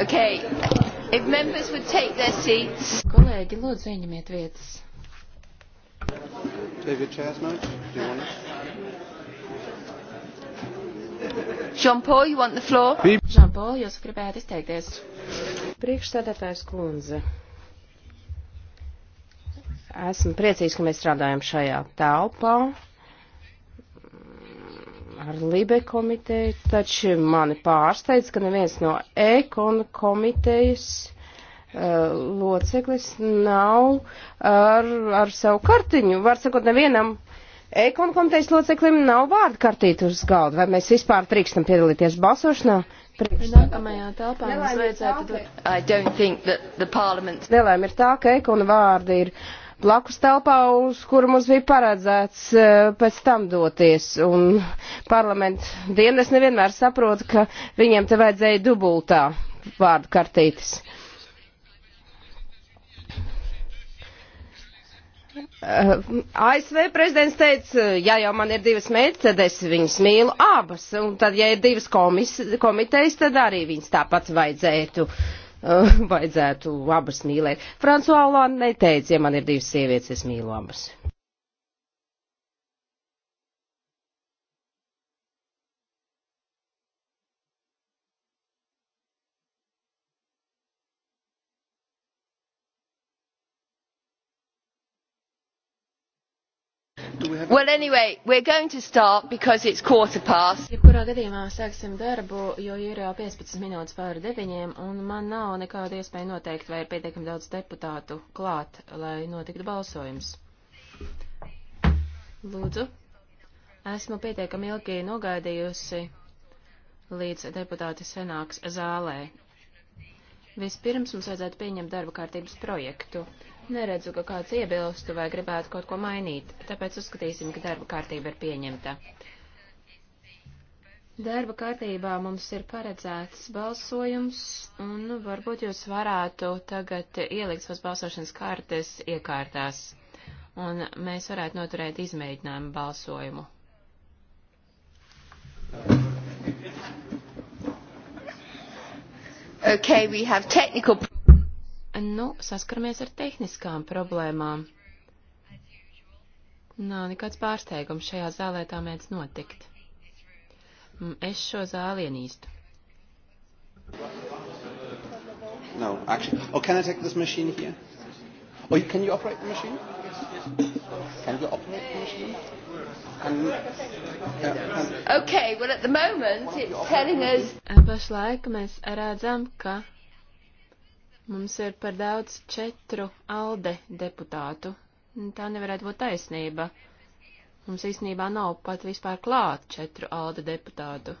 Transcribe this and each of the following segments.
Okay. If members would take their seats. Kolēģi, lūdzu, ieņemiet vietas. David Chasnote, do you want it? Jean-Paul, you want the floor? Jean-Paul, jūs gribētu izteikties. Priekšsēdētājs kundze. Esmu priecīgs, ka mēs strādājam šajā telpā. Libe komiteju, taču mani pārsteidz, ka neviens no Ekon komitejas uh, loceklis nav ar, ar savu kartiņu. Var sakot, nevienam Ekon komitejas loceklim nav vārdu kartīti uz galda. Vai mēs vispār trīkstam piedalīties balsošanā? Nākamajā telpā mums vajadzētu... Dot... Nelēm ir tā, ka Ekon vārdi ir blakus telpā, uz kuru mums bija paredzēts e, pēc tam doties. Un parlamentu dienas nevienmēr saprot, ka viņiem te vajadzēja dubultā vārdu kartītes. E, ASV prezidents teica, ja jau man ir divas meitas, tad es viņas mīlu abas, un tad, ja ir divas komis, komitejas, tad arī viņas tāpat vajadzētu uh, uh, vajadzētu abas mīlēt. Fransuālā neteica, ja man ir divas sievietes, es mīlu abas. Well, anyway, we're going to start because it's quarter past. Jebkurā gadījumā sāksim darbu, jo ir jau 15 minūtes pāri deviņiem, un man nav nekāda iespēja noteikt, vai ir pietiekami daudz deputātu klāt, lai notiktu balsojums. Lūdzu. Esmu pietiekami ilgi nogaidījusi, līdz deputāti senāks zālē. Vispirms mums vajadzētu pieņemt darba kārtības projektu. Neredzu, ka kāds iebilstu vai gribētu kaut ko mainīt, tāpēc uzskatīsim, ka darba kārtība ir pieņemta. Darba kārtībā mums ir paredzēts balsojums, un varbūt jūs varētu tagad ielikt savas balsošanas kartes iekārtās, un mēs varētu noturēt izmēģinājumu balsojumu. Okay, we have technical nu, saskaramies ar tehniskām problēmām. Nav nekāds pārsteigums šajā zālē tā mēdz notikt. Mm, es šo zāli ienīstu. No, actually. Oh, can I take this machine here? Oh, you, can you operate the machine? Can you operate the machine? Can, yeah, can... Okay, well at the moment it's telling us. Pašlaik mēs redzam, ka Mums ir par daudz četru alde deputātu. Tā nevarētu būt taisnība. Mums īstenībā nav pat vispār klāt četru alde deputātu.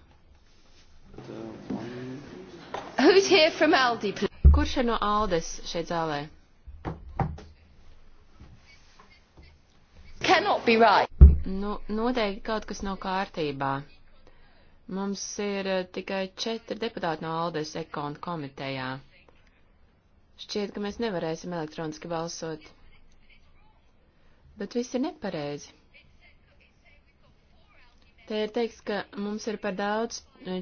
Aldi, Kurš ir no Aldes šeit zālē? Right. Nu, noteikti kaut kas nav kārtībā. Mums ir eh, tikai četri deputāti no Aldes ekonu komitejā. Šķiet, ka mēs nevarēsim elektroniski balsot. Bet viss ir nepareizi. Te ir teiks, ka mums ir par daudz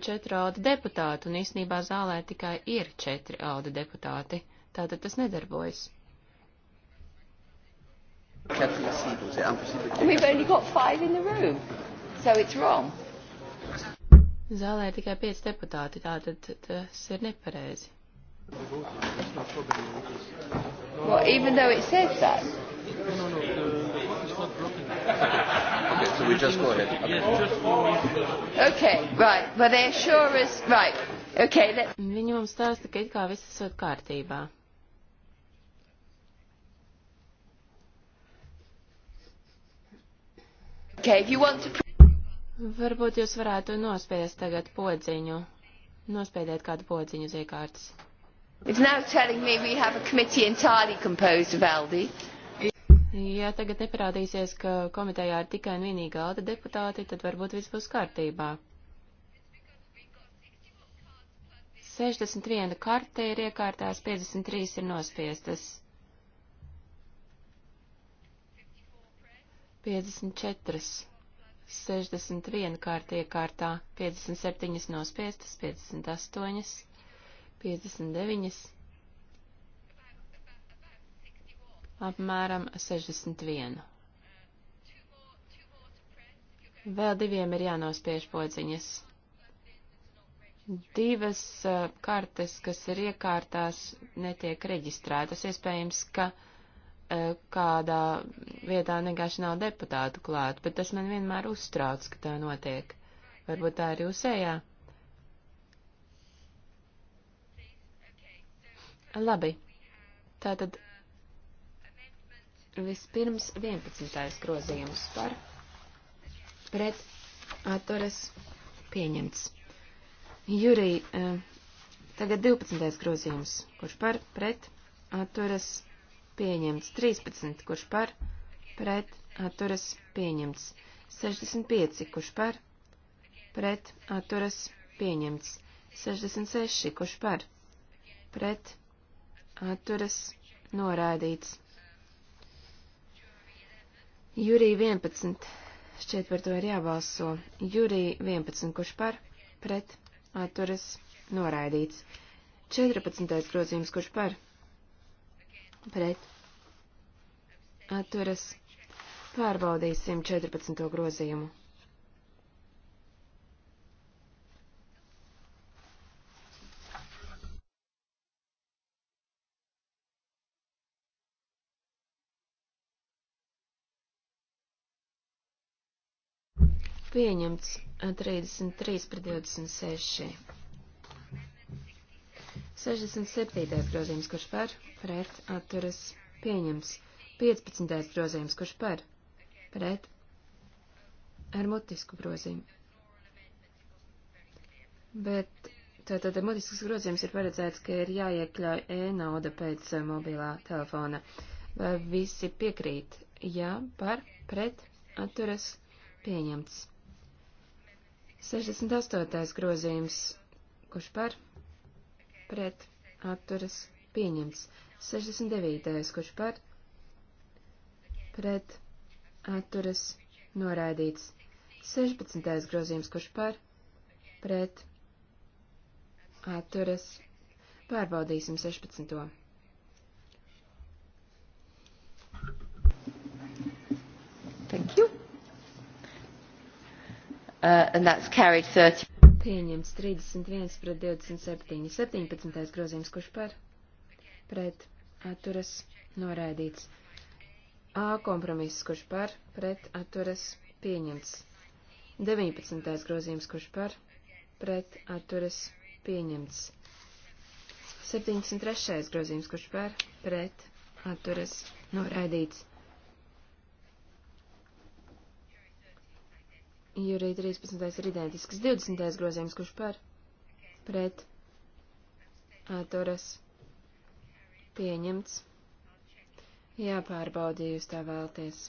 četru audu deputātu, un īsnībā zālē tikai ir četri audu deputāti. Tātad tas nedarbojas. We've only got five in the room, so it's wrong. Zālē ir tikai pieci deputāti, tātad tas ir nepareizi the vote now. That's not problem now because. No, well, no, even no, though it says that. No, no, no. The, the vote is not blocking. Okay. okay, so we just go ahead. Okay. Yes, just go ahead. Okay, right. Well, they assure us. Right. Okay, let. Viņi mums stāsta, ka it kā viss esot kārtībā. Okay, if you want to... Varbūt jūs varētu nospiest tagad podziņu, nospiedēt kādu podziņu uz iekārtas. It's now telling me we have a committee entirely composed of ALDI. Ja tagad neparādīsies, ka komitejā ir tikai un vienīgi ALDE deputāti, tad varbūt viss būs kārtībā. 61 karte ir iekārtās, 53 ir nospiestas. 54, 61 kārta iekārtā, 57 nospiestas, 58. 59, apmēram 61. Vēl diviem ir jānospiež podziņas. Divas uh, kartes, kas ir iekārtās, netiek reģistrētas. Iespējams, ka uh, kādā vietā vienkārši nav deputātu klāt, bet tas man vienmēr uztrauc, ka tā notiek. Varbūt tā ir jūsējā. Labi. Tātad vispirms 11. grozījums par pret atturas pieņemts. Jurī, eh, tagad 12. grozījums, kurš par pret atturas pieņemts. 13. kurš par pret atturas pieņemts. 65. kurš par pret atturas pieņemts. 66. kurš par pret atturas norādīts. Jurī 11. Šķiet par to ir jābalso. Jurī 11. Kurš par? Pret. Atturas. Noraidīts. 14. grozījums. Kurš par? Pret. Atturas. Pārbaudīsim 14. grozījumu. Pieņemts 33 pret 26. 67. grozījums, kurš par, pret, atturas, pieņems. 15. grozījums, kurš par, pret, ar mutisku grozījumu. Bet tātad mutisks grozījums ir paredzēts, ka ir jāiekļauj e-nauda pēc eh, mobilā telefona. Vai visi piekrīt? Jā, par, pret, atturas, pieņemts. 68. grozījums, kurš par, pret, atturas, pieņemts. 69. kurš par, pret, atturas, noraidīts. 16. grozījums, kurš par, pret, atturas, pārbaudīsim 16. Uh, and that's carried 30. Pieņems 31 pret 27. 17. grozījums, kurš par? Pret atturas noraidīts. A kompromiss, kurš par? Pret atturas pieņemts. 19. grozījums, kurš par? Pret atturas pieņemts. 73. grozījums, kurš par? Pret atturas noraidīts. Jurī 13. ir identisks. 20. grozījums, kurš par? Pret. Atturas. Pieņemts. Jāpārbauda, ja jūs tā vēlties.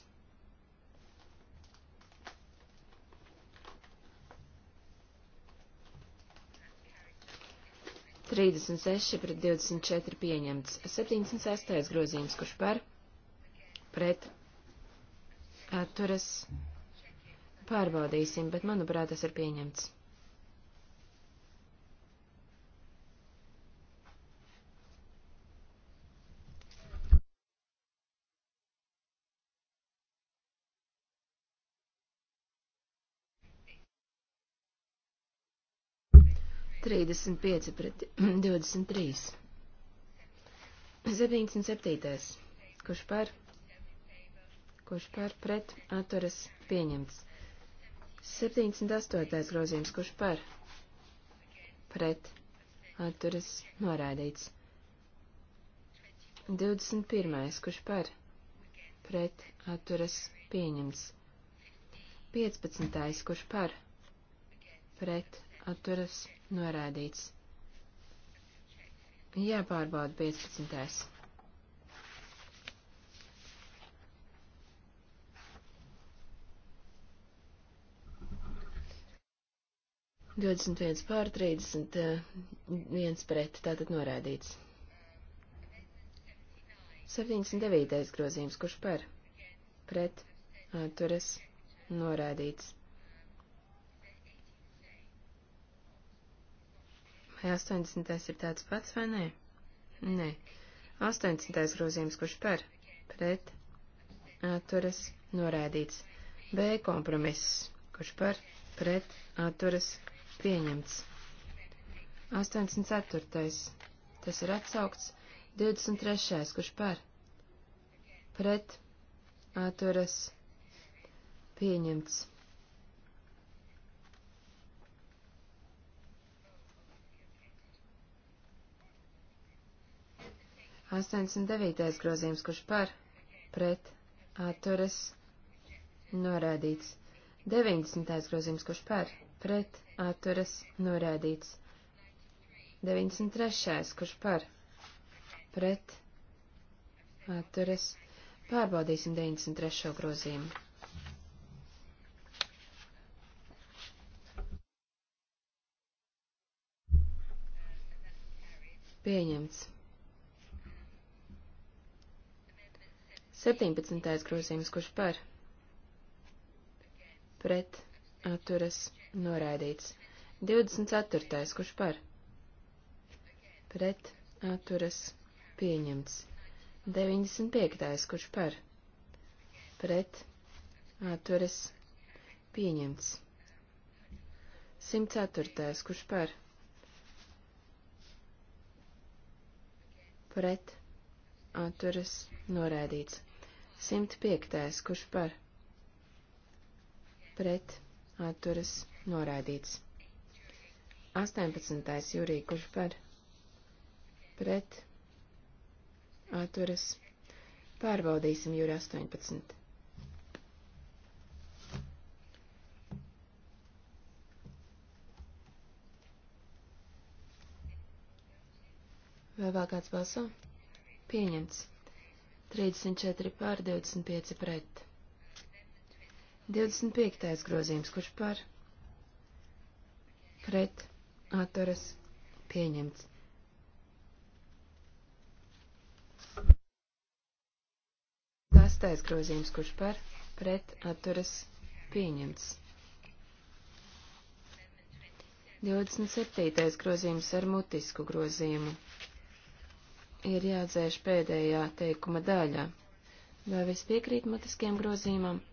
Trīsdesmit seši pret divdesmit četri pieņemts. Septiņdesmit sestais grozījums, kurš par? Pret. Atturas. Mm Pārbaudīsim, bet manuprāt tas ir pieņemts. Trīsdesmit pieci pret divdesmit trīs. Septiņdesmit septītais. Kurš par? Kurš par pret atturas pieņemts? 78. grozījums, kurš par? Pret. Atturas norādīts. 21. kurš par? Pret. Atturas pieņemts. 15. kurš par? Pret. Atturas norādīts. Jāpārbauda 15. 21 pār 31 eh, pret, tātad norādīts. 79. grozījums, kurš par? Pret, atturas, norādīts. 80. ir tāds pats, vai nē? Nē. 80. grozījums, kurš par? Pret, atturas, norādīts. B kompromiss, kurš par? Pret, atturas, norādīts Pieņemts. 84. Tas ir atsaukts. 23. Kurš par? Pret. Atturas. Pieņemts. Astoņdesmit devītais grozījums, kurš par, pret, atturas, norādīts. Deviņdesmitais grozījums, kurš par, pret atturas norādīts. 93. kurš par pret atturas. Pārbaudīsim 93. grozījumu. Pieņemts. 17. grozījums, kurš par pret atturas Noraidīts. 24. Kurš par? Pret. Atturas. Pieņemts. 95. Kurš par? Pret. Atturas. Pieņemts. 104. Kurš par? Pret. Atturas. Noraidīts. 105. Kurš par? Pret. Atturas. Pieņemts Noraidīts. 18. jūrī, kurš par pret atturas. Pārbaudīsim jūri 18. Vēl vēl kāds balso? Pieņemts. 34 pār 25 pret. 25. grozījums, kurš par? pret atturas pieņemts. Sastais grozījums, kurš par pret atturas pieņemts. 27. grozījums ar mutisku grozījumu. Ir jādzēš pēdējā teikuma daļā. Vai viss piekrīt mutiskajam grozījumam?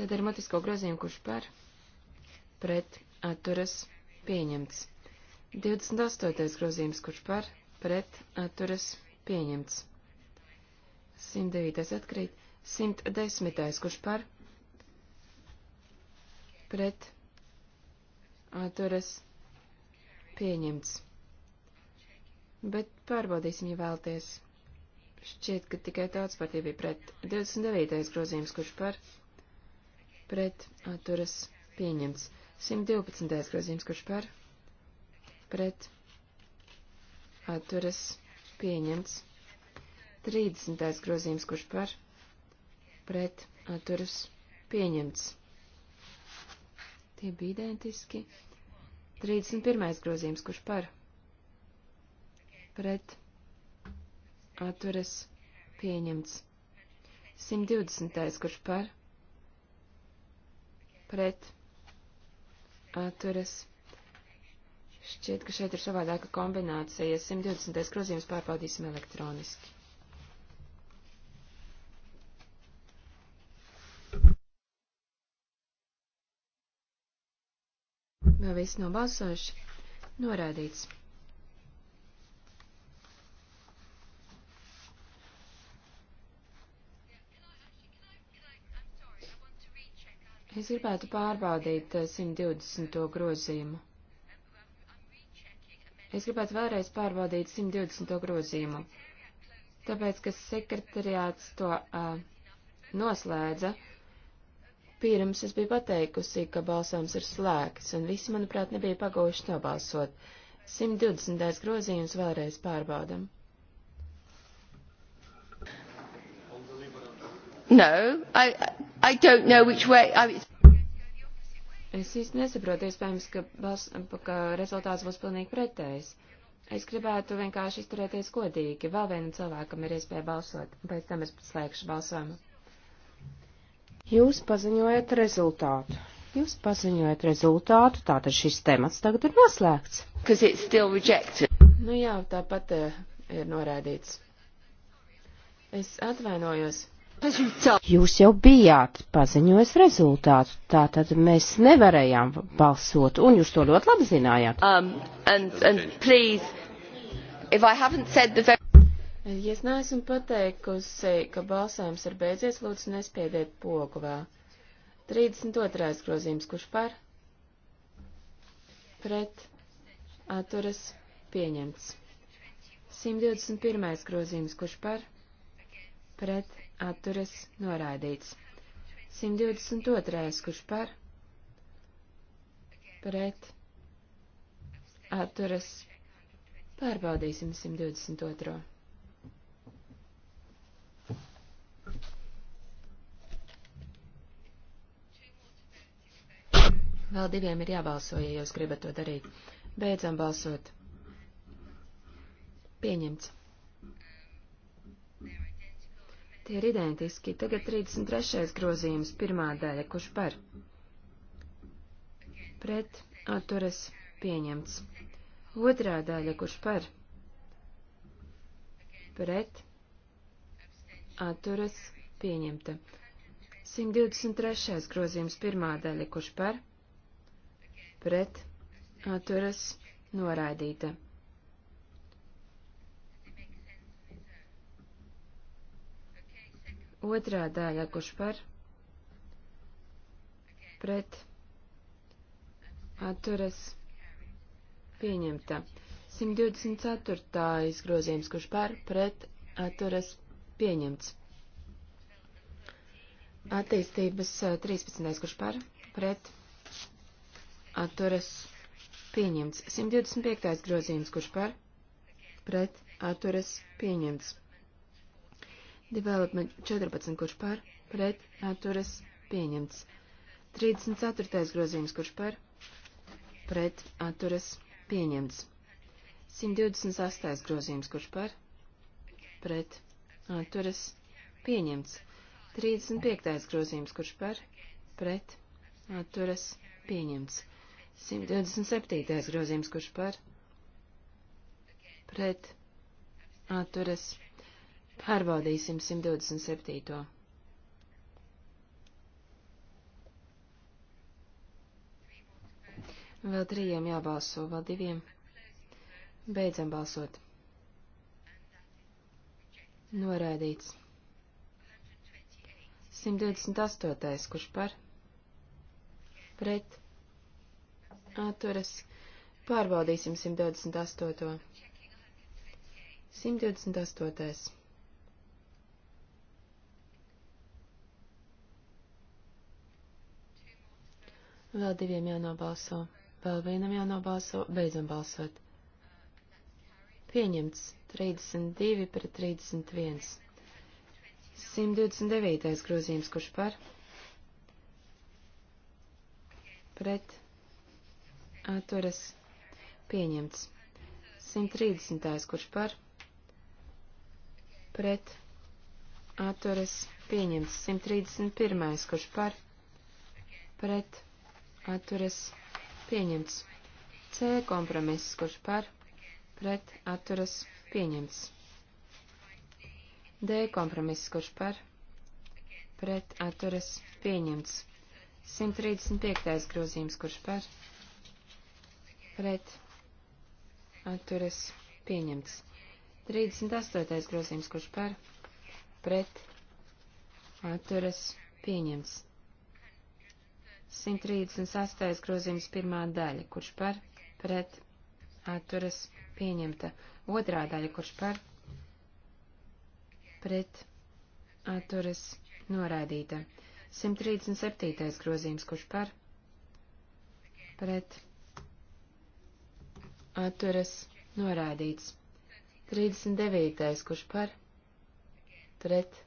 Tad ar mutisko grozījumu, kurš par pret atturas pieņemts pieņemts. 28. grozījums, kurš par, pret, atturas, pieņemts. 109. atkrīt, 110. kurš par, pret, atturas, pieņemts. Bet pārbaudīsim, ja vēlties. Šķiet, ka tikai tāds partija bija pret. 29. grozījums, kurš par, pret, atturas, pieņemts Pieņemts. 112. grozījums, kurš par? Pret. Atturas. Pieņemts. 30. grozījums, kurš par? Pret. Atturas. Pieņemts. Tie bija identiski. 31. grozījums, kurš par? Pret. Atturas. Pieņemts. 120. kurš par? Pret atturas. Šķiet, ka šeit ir savādāka kombinācija. 120. grozījums pārbaudīsim elektroniski. Vēl viss nav balsojuši. Norādīts. Es gribētu pārbaudīt 120. Eh, grozījumu. Es gribētu vēlreiz pārbaudīt 120. grozījumu, tāpēc, ka sekretariāts to uh, noslēdza. Pirms es biju pateikusi, ka balsojums ir slēgts, un visi, manuprāt, nebija pagūši nobalsot. 120. grozījums vēlreiz pārbaudam. No, I, I... I don't know which way. I... Es īsti nesaprotu, iespējams, ka, bals, ka rezultāts būs pilnīgi pretējs. Es gribētu vienkārši izturēties godīgi. Vēl vienam cilvēkam ir iespēja balsot, pēc tam es slēgšu balsojumu. Jūs paziņojat rezultātu. Jūs paziņojat rezultātu, tātad šis temats tagad ir noslēgts. Nu jā, tāpat uh, ir norādīts. Es atvainojos. Jūs jau bijāt paziņojis rezultātu, tātad mēs nevarējām balsot, un jūs to ļoti labi zinājāt. Um, and, and please, the... Ja es neesmu pateikusi, ka balsojums ir beidzies, lūdzu nespiediet pogu vēl. 32. grozījums, kurš par? Pret atturas pieņemts. 121. grozījums, kurš par? Pret atturas noraidīts. 122. kurš par pret atturas pārbaudīsim 122. Vēl diviem ir jābalso, ja jūs gribat to darīt. Beidzam balsot. Pieņemts. Tie ir identiski. Tagad 33. grozījums, pirmā daļa, kurš par? Pret atturas pieņemts. Otrā daļa, kurš par? Pret atturas pieņemta. 123. grozījums, pirmā daļa, kurš par? Pret atturas noraidīta. Otrā daļa, kurš par pret atturas pieņemta. 124. grozījums, kurš par pret atturas pieņemts. Attīstības 13. kurš par pret atturas pieņemts. 125. grozījums, kurš par pret atturas pieņemts. Development 14, kurš par, pret, atturas, pieņemts. 34. grozījums, kurš par, pret, atturas, pieņemts. 128. grozījums, kurš par, pret, atturas, pieņemts. 35. grozījums, kurš par, pret, atturas, pieņemts. 127. grozījums, kurš par, pret, atturas, pieņemts Pārbaudīsim 127. Vēl trījiem jābalso, vēl diviem. Beidzam balsot. Noraidīts. 128. Kurš par? Pret. Atturas. Pārbaudīsim 128. 128. Vēl diviem jānobalso. Vēl vienam jānobalso. Beidzam balsot. Pieņemts. 32 pret 31. 129. grozījums. Kurš par? Pret. Atturas. Pieņemts. 130. Kurš par? Pret. Atturas. Pieņemts. 131. Kurš par? Pret atturas pieņemts. C kompromiss, kurš par pret atturas pieņemts. D kompromiss, kurš par pret atturas pieņemts. 135. grozījums, kurš par pret atturas pieņemts. 38. grozījums, kurš par pret atturas pieņemts. 136. grozījums pirmā daļa, kurš par pret atturas pieņemta. Otrā daļa, kurš par pret atturas noraidīta. 137. grozījums, kurš par pret atturas noraidīts. 39. kurš par pret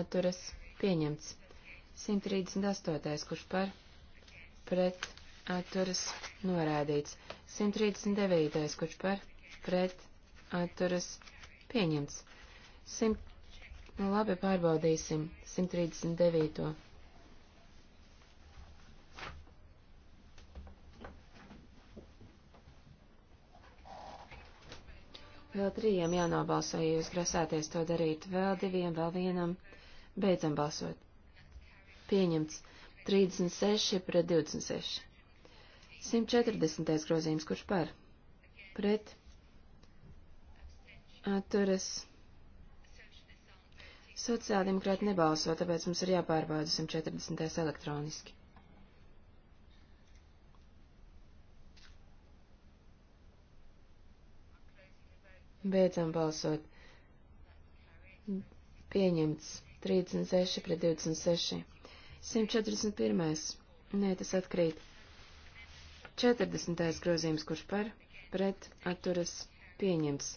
atturas pieņemts. 138. kurš par pret pret atturas norādīts. 139. kurš par pret atturas pieņemts. 100. Nu, labi, pārbaudīsim 139. Vēl trījiem jānobalso, ja jūs grasāties to darīt. Vēl diviem, vēl vienam. Beidzam balsot. Pieņemts. 36 pret 26. 140. grozījums, kurš par? Pret. Atturas. Sociāldemokrāti nebalso, tāpēc mums ir jāpārbauda 140. elektroniski. Beidzam balsot. Pieņemts 36 pret 26. 141. Nē, tas atkrīt. 40. grozījums, kurš par, pret, atturas, pieņemts.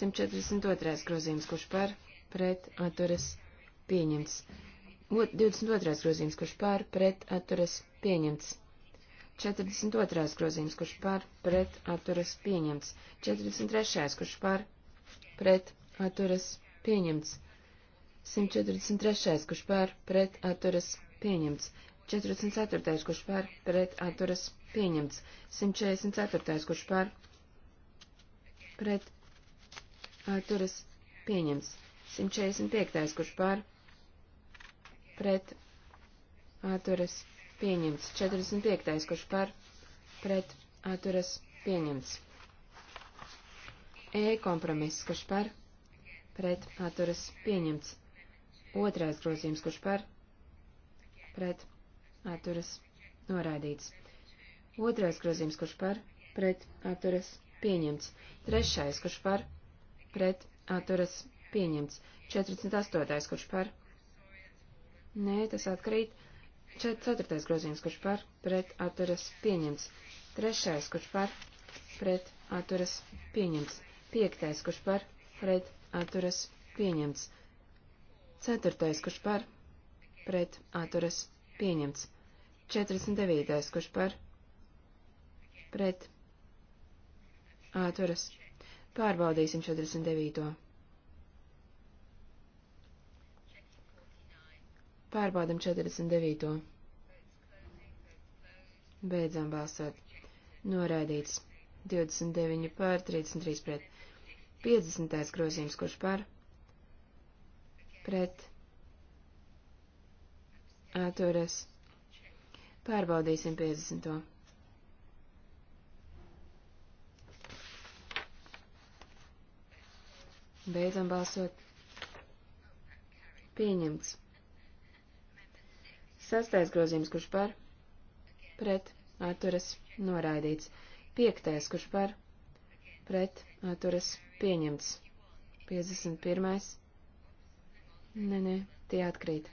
142. grozījums, kurš par, pret, atturas, pieņemts. 22. grozījums, kurš par, pret, atturas, pieņemts. 42. grozījums, kurš par, pret, atturas, pieņemts. 43. kurš par, pret, atturas, pieņemts. 143. kurš par, pret, atturas, pieņemts pieņemts. 44. kurš pār pret atturas pieņemts. 144. kurš pār pret atturas pieņemts. 145. kurš pār pret atturas pieņemts. 45. kurš pār pret atturas pieņemts. E kompromiss, kurš par pret atturas pieņemts. Otrais grozījums, kurš par pret pret atturas noraidīts. Otrais grozījums, kurš par pret atturas pieņemts. Trešais, kurš par pret atturas pieņemts. 48. kurš par Nē, tas atkrīt. 4. grozījums, kurš par pret atturas pieņemts. 3. kurš par pret atturas pieņemts. 5. kurš par pret atturas pieņemts. 4. kurš par pret atturas pieņemts. 49. kurš par pret atturas. Pārbaudīsim 49. Pārbaudam 49. Beidzam balsot. Noraidīts. 29 pār 33 pret. 50. grozījums, kurš par pret atturas. Pārbaudīsim 50. Beidzam balsot. Pieņemts. Sastais grozījums, kurš par? Pret. Atturas. Noraidīts. Piektais, kurš par? Pret. Atturas. Pieņemts. 51. Nē, nē, tie atkrīt.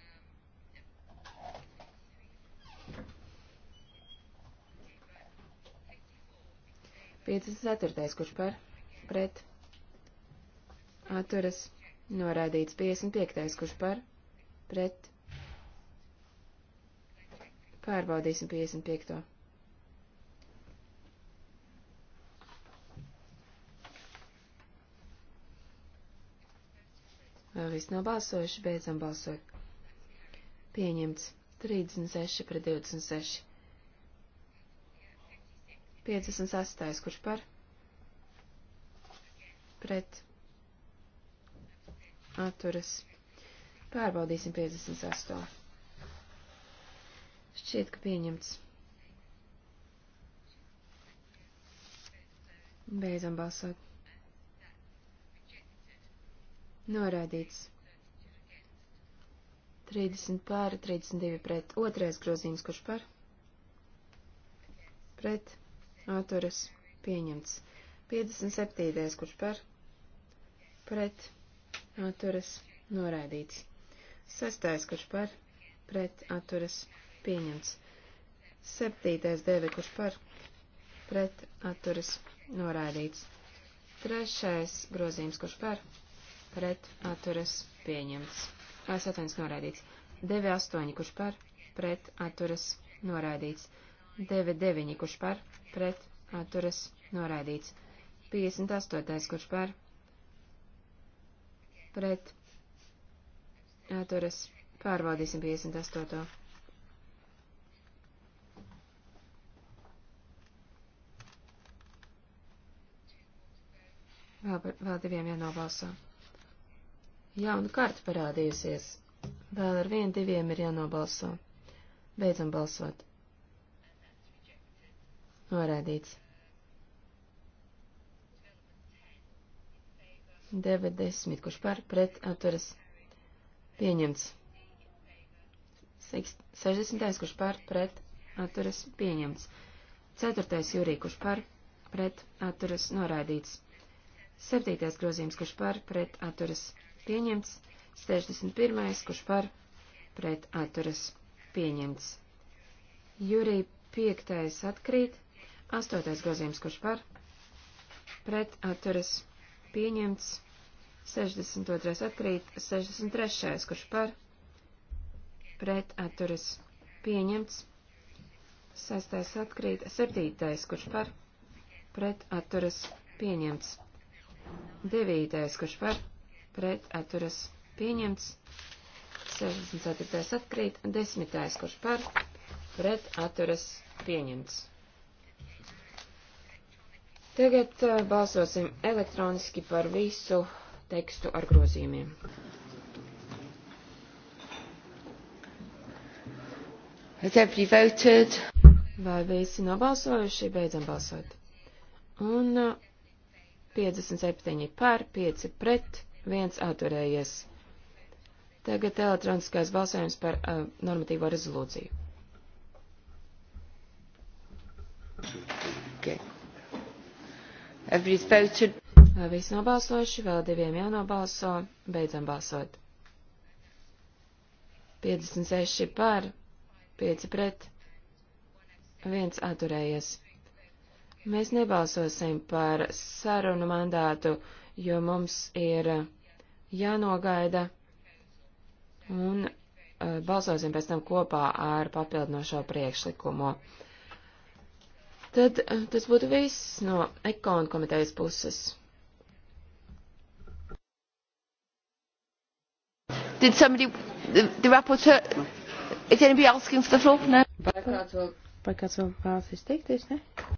54. kurš par pret atturas noraidīts. 55. kurš par pret pārbaudīsim 55. Vēl viss nav balsojuši, beidzam balsot. Pieņemts 36 pret 26. 58. kurš par? Pret. Atturas. Pārbaudīsim 58. Šķiet, ka pieņemts. Beidzam balsot. Norādīts. 30 pār, 32 pret. Otrais grozījums, kurš par? Pret atturas pieņemts. 57. kurš par pret atturas noraidīts. 6. kurš par pret atturas pieņemts. 7. deve kurš par pret atturas noraidīts. 3. grozījums kurš par pret atturas pieņemts. 8. noraidīts. 9. 8. kurš par pret atturas noraidīts. 99, kurš par pret atturas noraidīts. 58, kurš par pret atturas pārbaudīsim 58. Vēl, par, vēl diviem jānobalso. Jauna karta parādījusies. Vēl ar vienu diviem ir jānobalso. Beidzam balsot. Norādīts. 90, kurš par pret atturas pieņemts. 60, kurš par pret atturas pieņemts. 4. jūrī, kurš par pret atturas noraidīts. 7. grozījums, kurš par pret atturas pieņemts. 61. kurš par pret atturas pieņemts. Jūrī 5. atkrīt. Astotais grozījums, kurš par pret atturas pieņemts. 62. atkrīt. 63. kurš par pret atturas pieņemts. 6. atkrīt. 7. kurš par pret atturas pieņemts. 9. kurš par pret atturas pieņemts. 64. atkrīt. 10. kurš par pret atturas pieņemts. Tagad uh, balsosim elektroniski par visu tekstu ar grozījumiem. Vai visi nobalsojuši? Beidzam balsot. Un 57 pār, 5 pret, 1 atturējies. Tagad elektroniskais balsojums par uh, normatīvo rezolūciju. Vai visi nobalsojuši? Vēl diviem jānobalso. Beidzam balsot. 56 par, 5 pret, 1 atturējies. Mēs nebalsosim par sarunu mandātu, jo mums ir jānogaida un uh, balsosim pēc tam kopā ar papildinošo priekšlikumu. Tad eh, tas būtu viss no ekonu komitejas puses. Did somebody, the, the rapporteur, is anybody asking for the floor? No. Vai kāds vēl, vai kāds vēl vēlas izteikties, ne?